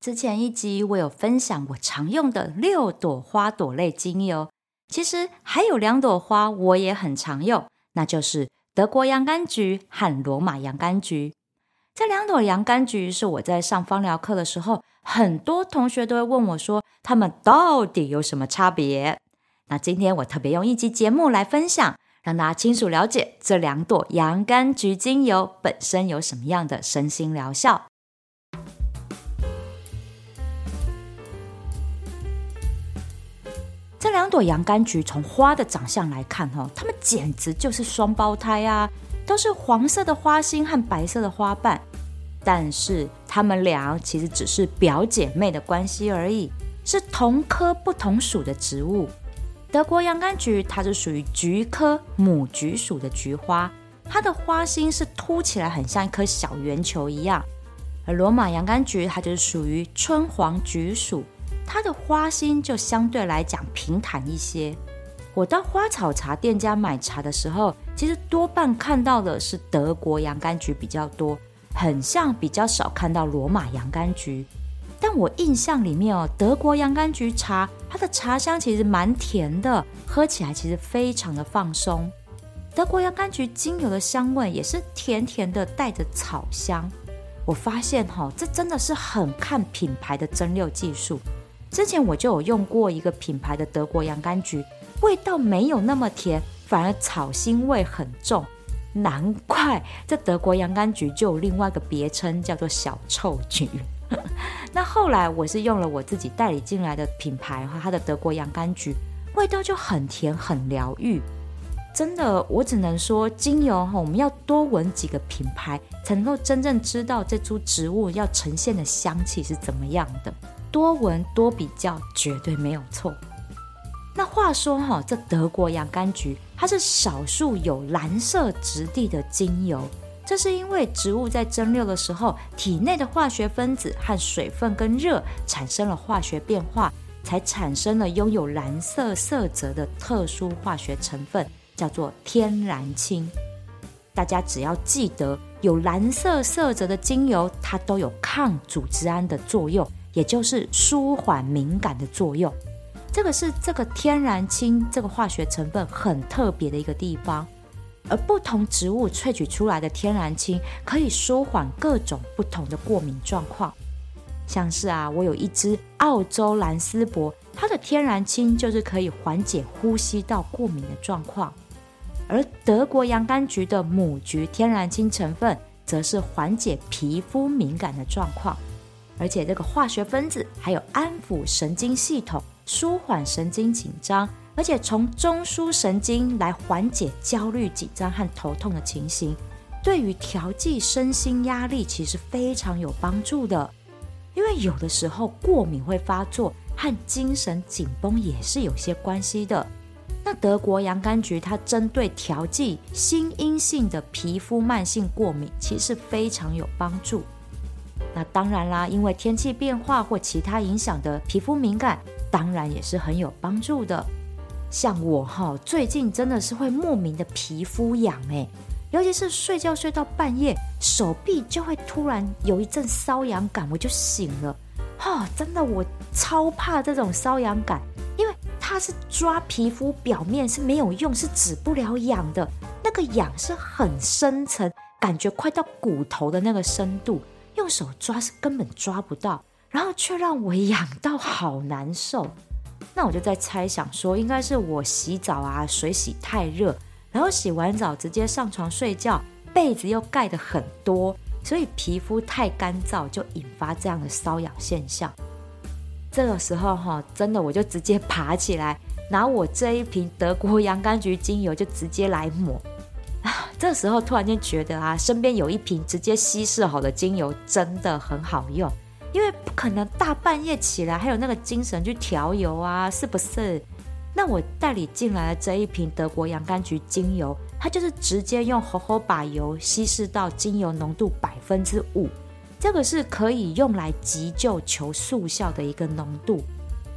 之前一集我有分享我常用的六朵花朵類精油，其實還有兩朵花我也很常用，那就是德國洋甘菊和羅馬洋甘菊。這兩朵洋甘菊是我在上芳療課的時候，很多同學都會問我說，它們到底有什麼差別？那今天我特別用一集節目來分享，讓大家清楚了解這兩朵洋甘菊精油本身有什麼樣的身心療效。朵洋甘菊從花的長相來看，哈，它們簡直就是雙胞胎啊。都是黃色的花心和白色的花瓣。但是它們倆其實只是表姐妹的關係而已，是同科不同屬的植物。德國洋甘菊它是屬於菊科母菊屬的菊花，它的花心是凸起來，很像一顆小圓球一樣。而羅馬洋甘菊它就是屬於春黃菊屬。它的花心就相對來講平坦一些。我到花草茶店家買茶的時候，其實多半看到的是德國洋甘菊比較多，很像比較少看到羅馬洋甘菊。但我印象裡面哦，德國洋甘菊茶它的茶香其實蠻甜的，喝起來其實非常的放鬆。德國洋甘菊精油的香味也是甜甜的，帶着草香。我發現哦，這真的是很看品牌的蒸餾技術。之前我就有用過一個品牌的德國洋甘菊，味道沒有那麼甜，反而草腥味很重，難怪這德國洋甘菊就有另外一個別稱叫做小臭菊。 那後來我是用了我自己代理進來的品牌和它的德國洋甘菊，味道就很甜，很療癒。真的，我只能說，精油哈，我們要多聞幾個品牌，才能夠真正知道這株植物要呈現的香氣是怎麼樣的。多聞多比較，絕對沒有錯。那話說哈，這德國洋甘菊，它是少數有藍色質地的精油，這是因為植物在蒸餾的時候，體內的化學分子和水分跟熱產生了化學變化，才產生了擁有藍色色澤的特殊化學成分。叫做天然青，大家只要記得有藍色色澤的精油，它都有抗組織胺的作用，也就是舒緩敏感的作用。這個是這個天然青這個化學成分很特別的一個地方，而不同植物萃取出來的天然青，可以舒緩各種不同的過敏狀況。像是啊，我有一支澳洲藍絲柏，它的天然青就是可以緩解呼吸道過敏的狀況。而德國洋甘菊的母菊天然青成分，則是緩解皮膚敏感的狀況，而且這個化學分子還有安撫神經系統、舒緩神經緊張，而且從中樞神經來緩解焦慮、緊張和頭痛的情形，對於調劑身心壓力其實非常有幫助的。因為有的時候過敏會發作，和精神緊繃也是有些關係的。那德國洋甘菊，它針對調劑心因性的皮膚慢性過敏，其實非常有幫助。那當然啦，因為天氣變化或其他影響的皮膚敏感，當然也是很有幫助的。像我哈、哦，最近真的是會莫名的皮膚癢誒，尤其是睡覺睡到半夜，手臂就會突然有一陣瘙癢感，我就醒了。哈、哦，真的我超怕這種瘙癢感。它是抓皮膚表面是沒有用，是止不了癢的。那個癢是很深層，感覺快到骨頭的那個深度，用手抓是根本抓不到，然後卻讓我癢到好難受。那我就在猜想說，應該是我洗澡啊，水洗太熱，然後洗完澡直接上床睡覺，被子又蓋得很多，所以皮膚太乾燥，就引發這樣的瘙癢現象。這個時候哈，真的我就直接爬起來，拿我這一瓶德國洋甘菊精油就直接來抹。這個時候突然間覺得啊，身邊有一瓶直接稀釋好的精油真的很好用，因為不可能大半夜起來還有那個精神去調油啊，是不是？那我代理進來的這一瓶德國洋甘菊精油，它就是直接用荷荷芭油稀釋到精油濃度百分之五。這個是可以用來急救求速效的一個濃度，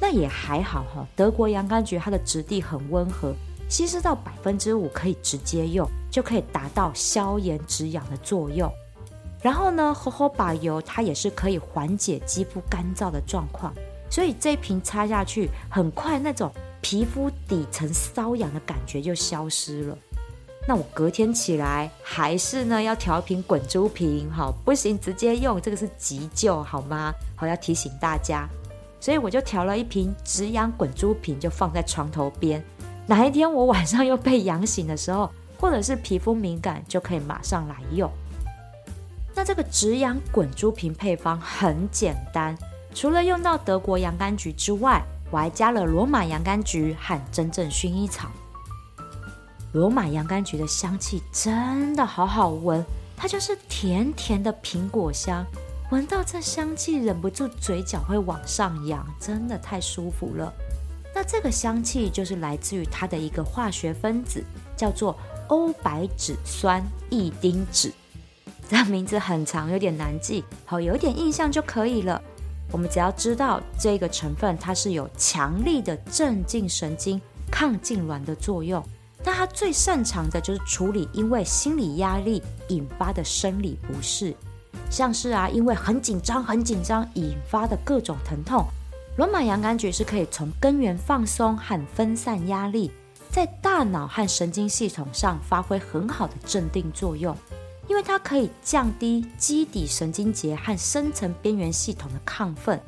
那也還好哈、哦。德國洋甘菊它的質地很溫和，稀釋到百分之五可以直接用，就可以達到消炎止癢的作用。然後呢，荷荷巴油它也是可以緩解肌膚乾燥的狀況，所以這一瓶擦下去，很快那種皮膚底層瘙癢的感覺就消失了。那我隔天起來還是呢，要調一瓶滾珠瓶，好，不行直接用，這個是急救好嗎？好，要提醒大家，所以我就調了一瓶止癢滾珠瓶，就放在床頭邊。哪一天我晚上又被癢醒的時候，或者是皮膚敏感，就可以馬上來用。那這個止癢滾珠瓶配方很簡單，除了用到德國洋甘菊之外，我還加了羅馬洋甘菊和真正薰衣草。羅馬洋甘菊的香氣真的好好聞，它就是甜甜的蘋果香。聞到這香氣，忍不住嘴角會往上揚，真的太舒服了。那這個香氣就是來自於它的一個化學分子，叫做歐白芷酸異丁酯。這名字很長，有點難記，好、哦，有點印象就可以了。我們只要知道這個成分，它是有強力的鎮靜神經、抗痙攣的作用。但他最擅長的就是處理因為心理壓力引發的生理不適，像是啊，因為很緊張、很緊張引發的各種疼痛。羅馬洋甘菊是可以從根源放鬆和分散壓力，在大腦和神經系統上發揮很好的鎮定作用，因為它可以降低基底神經節和深層邊緣系統的亢奮。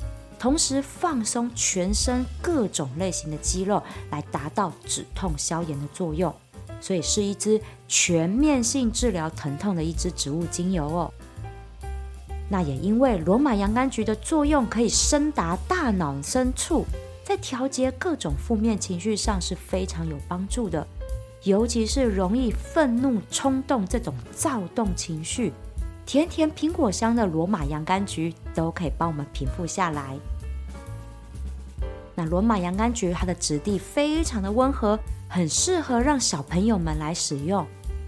同時放鬆全身各種類型的肌肉，來達到止痛消炎的作用，所以是一支全面性治療疼痛的一支植物精油哦。那也因為羅馬洋甘菊的作用可以深達大腦深處，在調節各種負面情緒上是非常有幫助的，尤其是容易憤怒、衝動這種躁動情緒，甜甜蘋果香的羅馬洋甘菊都可以幫我們平復下來。那羅馬洋甘菊，它的質地非常的溫和，很適合讓小朋友們來使用。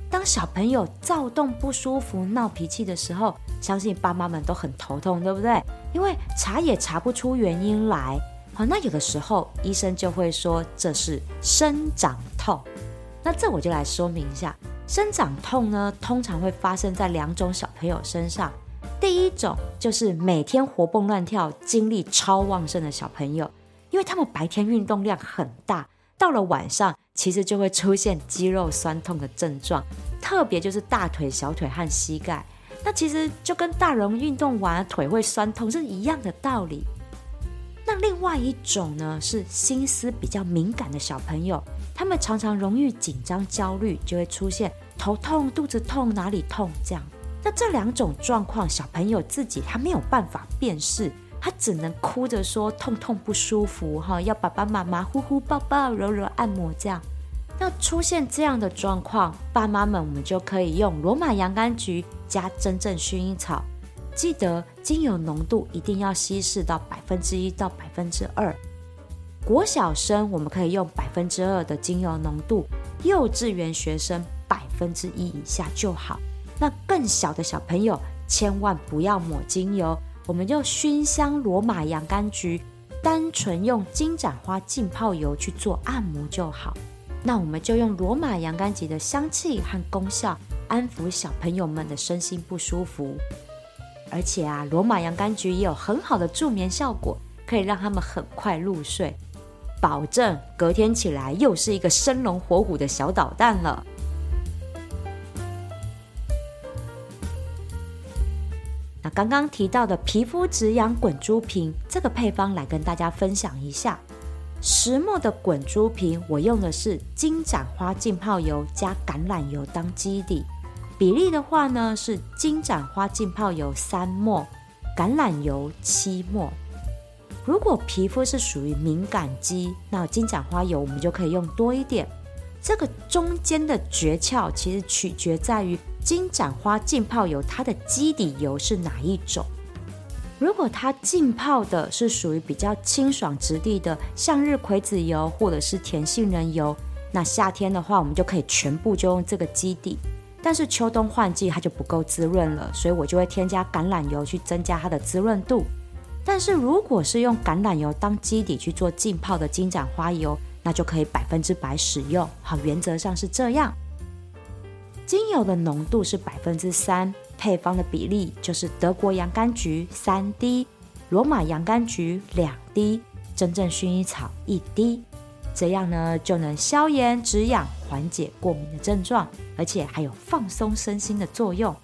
當小朋友躁動不舒服、鬧脾氣的時候，相信爸媽們都很頭痛，對不對？因為查也查不出原因來。好，那有的時候醫生就會說這是生長痛。那這我就來說明一下，生長痛呢，通常會發生在兩種小朋友身上。第一種就是每天活蹦亂跳、精力超旺盛的小朋友。因為他們白天運動量很大，到了晚上其實就會出現肌肉痠痛的症狀，特別就是大腿、小腿和膝蓋，那其實就跟大人運動完了腿會痠痛是一樣的道理。那另外一種呢，是心思比較敏感的小朋友，他們常常容易緊張、焦慮，就會出現頭痛、肚子痛、哪裡痛這樣。那這兩種狀況，小朋友自己還沒有辦法辨識。他只能哭着說痛痛不舒服哈，要爸爸媽媽呼呼抱抱揉揉按摩這樣。那出現這樣的狀況，爸媽們我們就可以用羅馬洋甘菊加真正薰衣草，記得精油濃度一定要稀釋到百分之一到百分之二。國小生我們可以用百分之二的精油濃度，幼稚園學生百分之一以下就好。那更小的小朋友千萬不要抹精油。我們就燻香羅馬洋甘菊，單純用金盞花浸泡油去做按摩就好。那我們就用羅馬洋甘菊的香氣和功效，安撫小朋友們的身心不舒服。而且啊，羅馬洋甘菊也有很好的助眠效果，可以讓他們很快入睡，保證隔天起來又是一個生龍活虎的小搗蛋了。剛剛提到的皮膚止癢滾珠瓶，這個配方來跟大家分享一下。10ml 的滾珠瓶，我用的是金盞花浸泡油加橄欖油當基底，比例的話呢是金盞花浸泡油 3ml，橄欖油 7ml。如果皮膚是屬於敏感肌，那金盞花油我們就可以用多一點。這個中間的訣竅其實取決在於金盞花浸泡油它的基底油是哪一種。如果它浸泡的是屬於比較清爽質地的向日葵籽油或者是甜杏仁油，那夏天的話，我們就可以全部就用這個基底。但是秋冬換季它就不夠滋潤了，所以我就會添加橄欖油去增加它的滋潤度。但是如果是用橄欖油當基底去做浸泡的金盞花油。那就可以百分之百使用，好，原則上是這樣。精油的濃度是百分之三，配方的比例就是德國洋甘菊三滴，羅馬洋甘菊兩滴，真正薰衣草一滴，這樣呢就能消炎止癢，緩解過敏的症狀，而且還有放鬆身心的作用。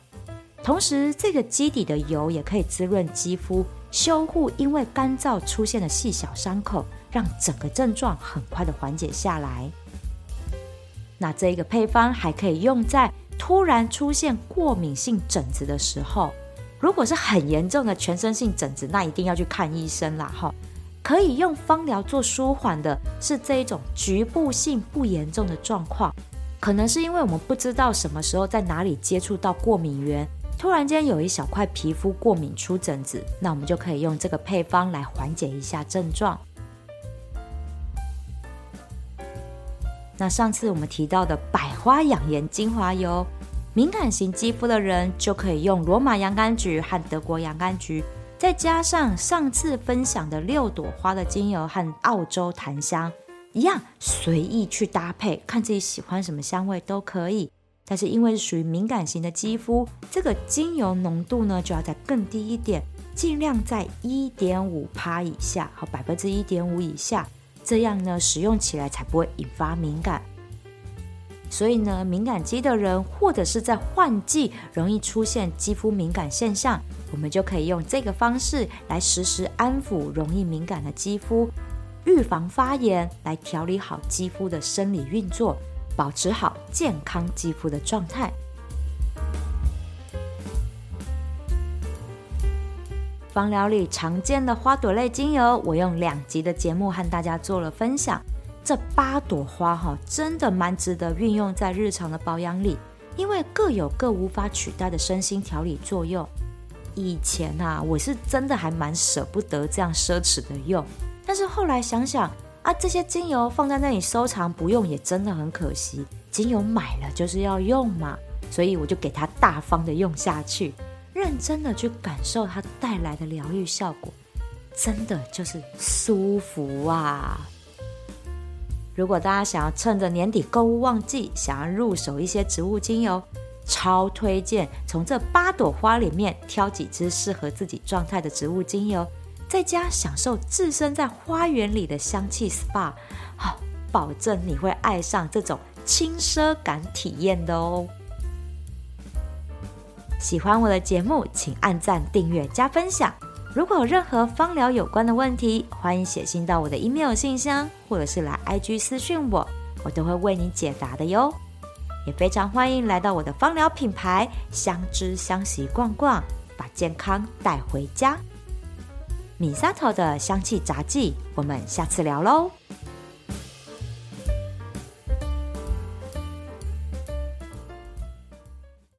同時，這個基底的油也可以滋潤肌膚。修護因為乾燥出現的細小傷口，讓整個症狀很快的緩解下來。那這一個配方還可以用在突然出現過敏性疹子的時候。如果是很嚴重的全身性疹子，那一定要去看醫生啦。哈。可以用芳療做舒緩的是這一種局部性不嚴重的狀況，可能是因為我們不知道什麼時候在哪裡接觸到過敏源，突然間有一小塊皮膚過敏出疹子，那我們就可以用這個配方來緩解一下症狀。那上次我們提到的百花養顏精華油，敏感型肌膚的人就可以用羅馬洋甘菊和德國洋甘菊，再加上上次分享的六朵花的精油和澳洲檀香，一樣隨意去搭配，看自己喜歡什麼香味都可以。但是因為是屬於敏感型的肌膚，這個精油濃度呢就要再更低一點，盡量在一點五趴以下，和百分之一點五以下，這樣呢使用起來才不會引發敏感。所以呢，敏感肌的人或者是在換季容易出現肌膚敏感現象，我們就可以用這個方式來實時安撫容易敏感的肌膚，預防發炎，來調理好肌膚的生理運作。保持好健康肌膚的狀態。芳療裡常見的花朵類精油，我用兩集的節目和大家做了分享。這八朵花哈，真的蠻值得運用在日常的保養裡，因為各有各無法取代的身心調理作用。以前啊，我是真的還蠻捨不得這樣奢侈的用，但是後來想想。那、啊、這些精油放在那裡收藏不用也真的很可惜。精油買了就是要用嘛，所以我就給它大方的用下去，認真的去感受它帶來的療癒效果，真的就是舒服啊！如果大家想要趁着年底購物旺季，想要入手一些植物精油，超推薦從這八朵花裡面挑幾支適合自己狀態的植物精油。在家享受置身在花園裡的香氣 SPA。好，啊，保證你會愛上這種輕奢感體驗的哦。喜歡我的節目，請按讚、訂閱、加分享。如果有任何芳療有關的問題，歡迎寫信到我的 email 信箱，或者是來 IG 私訊我，我都會為你解答的喲。也非常歡迎來到我的芳療品牌“香知香息”，逛逛，把健康帶回家。Misato 的香氣雜技，我們下次聊嘍。